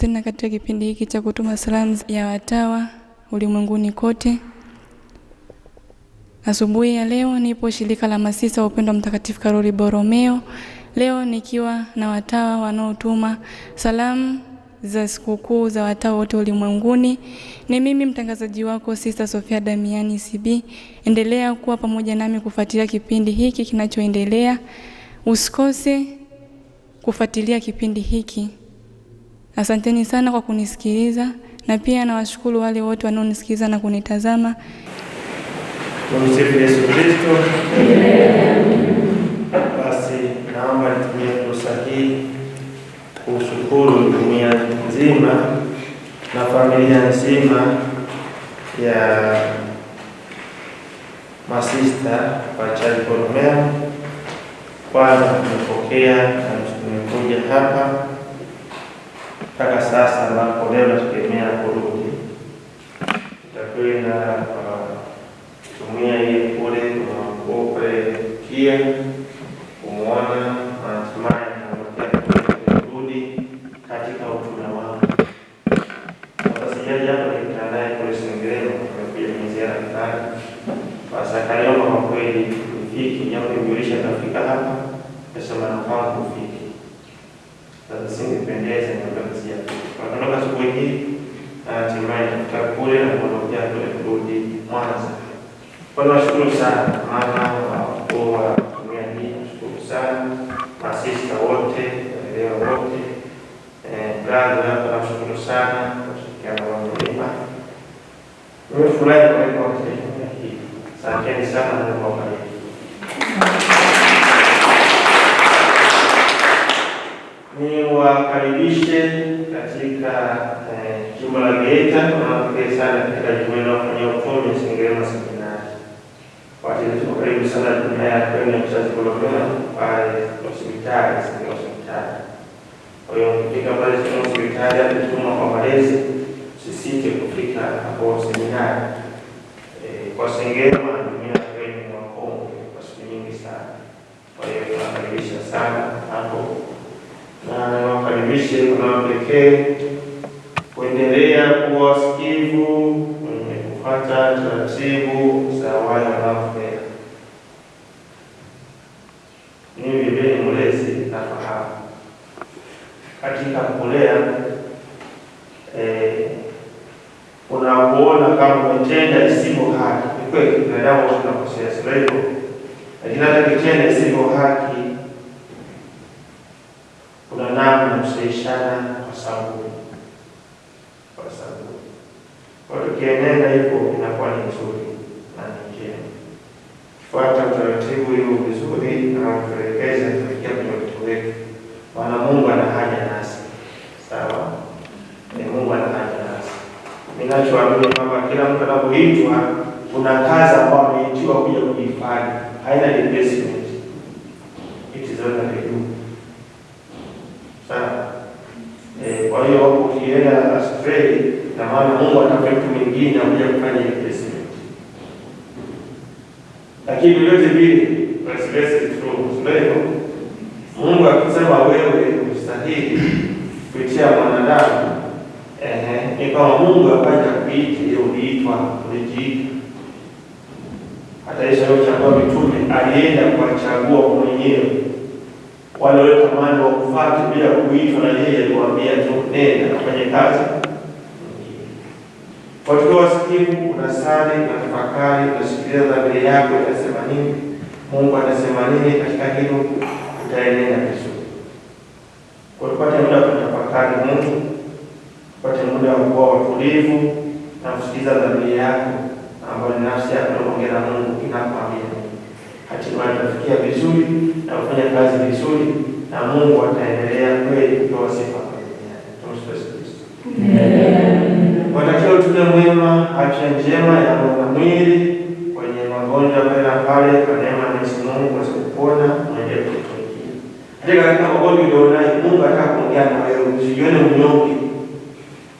Tena katika kipindi hiki cha kutuma salamu ya watawa ulimwenguni kote, asubuhi ya leo nipo shirika la masisa wa upendo wa Mtakatifu Karoli Boromeo, leo nikiwa na watawa wanaotuma salamu za sikukuu za watawa wote ulimwenguni. Ni mimi mtangazaji wako Sista Sofia Damiani CB. Endelea kuwa pamoja nami kufuatilia kipindi hiki kinachoendelea. Usikose kufuatilia kipindi hiki. Asanteni sana kwa kunisikiliza na pia nawashukuru wale wote wanaonisikiliza na kunitazama. Tumsifu Yesu Kristo. Basi naomba nitumie fursa hii kushukuru jumuiya nzima na familia nzima ya masista wachali Boromeo, kwanza kunipokea na kunikuja hapa mpaka sasa ambapo leo nategemea kurudi, itakwenda kutumia uh, hii kule kumkopwe kia kumwona hatimaye kurudi katika utuna wangu. Sasa sijaja hapa nikitandae kule Sengerema, nimekuja kuanzia Ramadhani pasakalioma kwa kweli ifiki japo nijulisha nafika hapa pesa manufaa kufika la sede la democrazia. la Germania, tra cui non è Ma Ondoka siku hii hatimaye kufika kule na kuondokea kule kurudi Mwanza. Kwa hiyo nashukuru sana maana wakuu wa jumuiya hii, nashukuru sana masista wote, waleo wote, brada hapa nashukuru sana kwa ushirikiano wa Mlima. Nimefurahi kwa kuwa katika jumuiya hii. Asanteni sana Mungu awabariki. tuwakaribishe katika eh, juma la Geita tunawapokea sana katika juma inayofanyia utume Sengerema Seminari. Kwa karibu sana juma ya kwenda mzazi Kologoma pale hospitali Sengerema hospitali. Kwa hiyo mkifika pale Sengerema hospitali hadi tuma kwa malezi usisite kufika hapo seminari. Eh, kwa Sengerema tuwafundishe kuna pekee kuendelea kuwa wasikivu wenye kufuata taratibu za wale wanaofea. Mimi vivile mulezi nafahamu katika kulea eh, unakuona kama umetenda isivyo haki. Ni kweli binadamu tunakosea, sivyo? Lakini hata kitendo isivyo haki kusaishana kwa sabuni, kwa sabuni. Kwa tukienenda hivyo inakuwa ni nzuri na ni njema, kifuata utaratibu hiyo vizuri na kuelekeza kufikia kwenye mtoto wetu, Bwana Mungu ana haja nasi. Sawa, ni Mungu ana haja nasi. Ninachoamini kwamba kila mtu anapoitwa kuna kazi ambayo ameitiwa kuja kuifanya, haina replacement. It is not a astray, na maana Mungu atakuwa mtu mwingine akuja kufanya hiyo Lakini vyote vile Mungu akisema wewe mstahili kuitia mwanadamu ni kama Mungu apata kuita hiyo uliitwa ulijiita. Hata Yesu alichagua mitume, alienda kuwachagua mwenyewe wale waliotamani wa bila kuitwa na yeye aliwaambia nenda kufanya kazi. Watoto wasikivu, unasali na tafakari, unashikilia dhamiri yako inasema nini, Mungu anasema nini katika hilo, utaenena vizuri. Kwa muda wa kutafakari Mungu, upate muda wa kuwa watulivu na kusikiliza dhamiri yako ambayo nafsi yako inaongea na Mungu inakwambia hatimaye tafikia vizuri na kufanya kazi vizuri, na Mungu ataendelea kweli kutoa sifa kwa watakiwa tule mwema, afya njema ya mwili, kwenye magonjwa pale pale, kwa neema ya Mwenyezi Mungu wasikupona mwenyewe kutumikia. Hata katika magonjwa ulionayo, Mungu ataka kuongea na wewe, usijione mnyonge.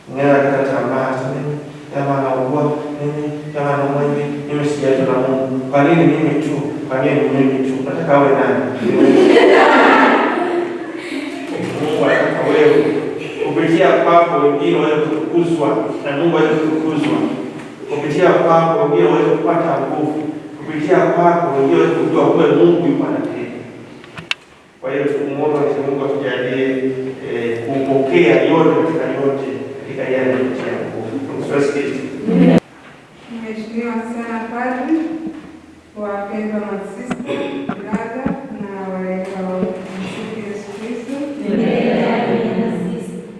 Mwingine anakata tamaa sana, kama anaugua mimi, kama anaumwa mimi, mimi sijaitwa na Mungu. Kwa nini mimi tu? Mpangie mwenyewe kesho, awe nani? Mungu anataka wewe kupitia kwako wengine waweze kutukuzwa na Mungu aweze kutukuzwa, kupitia kwako wengine waweze kupata nguvu, kupitia kwako wengine waweze kujua wewe Mungu yupo ndani wapendwa masista, dada na walaika wa Yesu Kristo,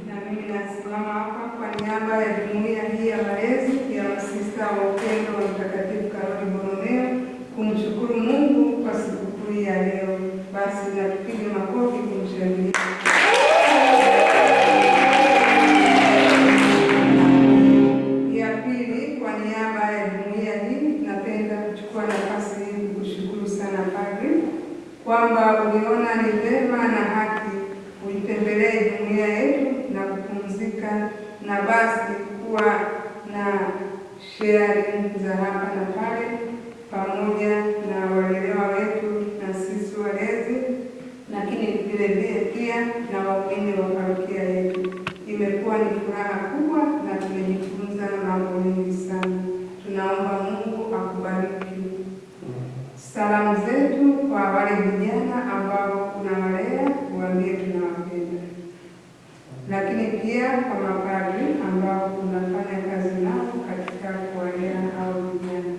na mimi nasimama hapa kwa niaba ya jumuiya hii ya malezi ya masista wa upendo wa Mtakatifu Karoli Borromeo kumshukuru Mungu kwa sikukuu ya leo. Basi natupige makofi kumshangilia. Ya pili kwa niaba ya kwamba uliona ni vema na haki uitembelee jumuiya yetu na kupumzika, na basi kuwa na sharing za hapa na pale pamoja na walelewa wetu na sisi walezi, lakini vile vile pia na waumini wa parokia yetu. Imekuwa ni furaha lakini pia kwa mapadri ambao tunafanya kazi nao katika kuwalea au vijana.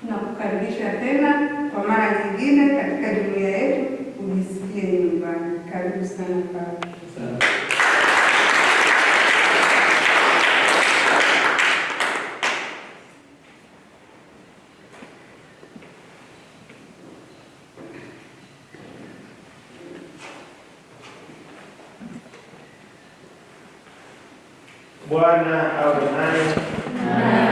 Tunakukaribisha tena kwa mara nyingine katika jumuiya yetu, ujisikie nyumbani. Karibu sana padri. Bwana awe naye.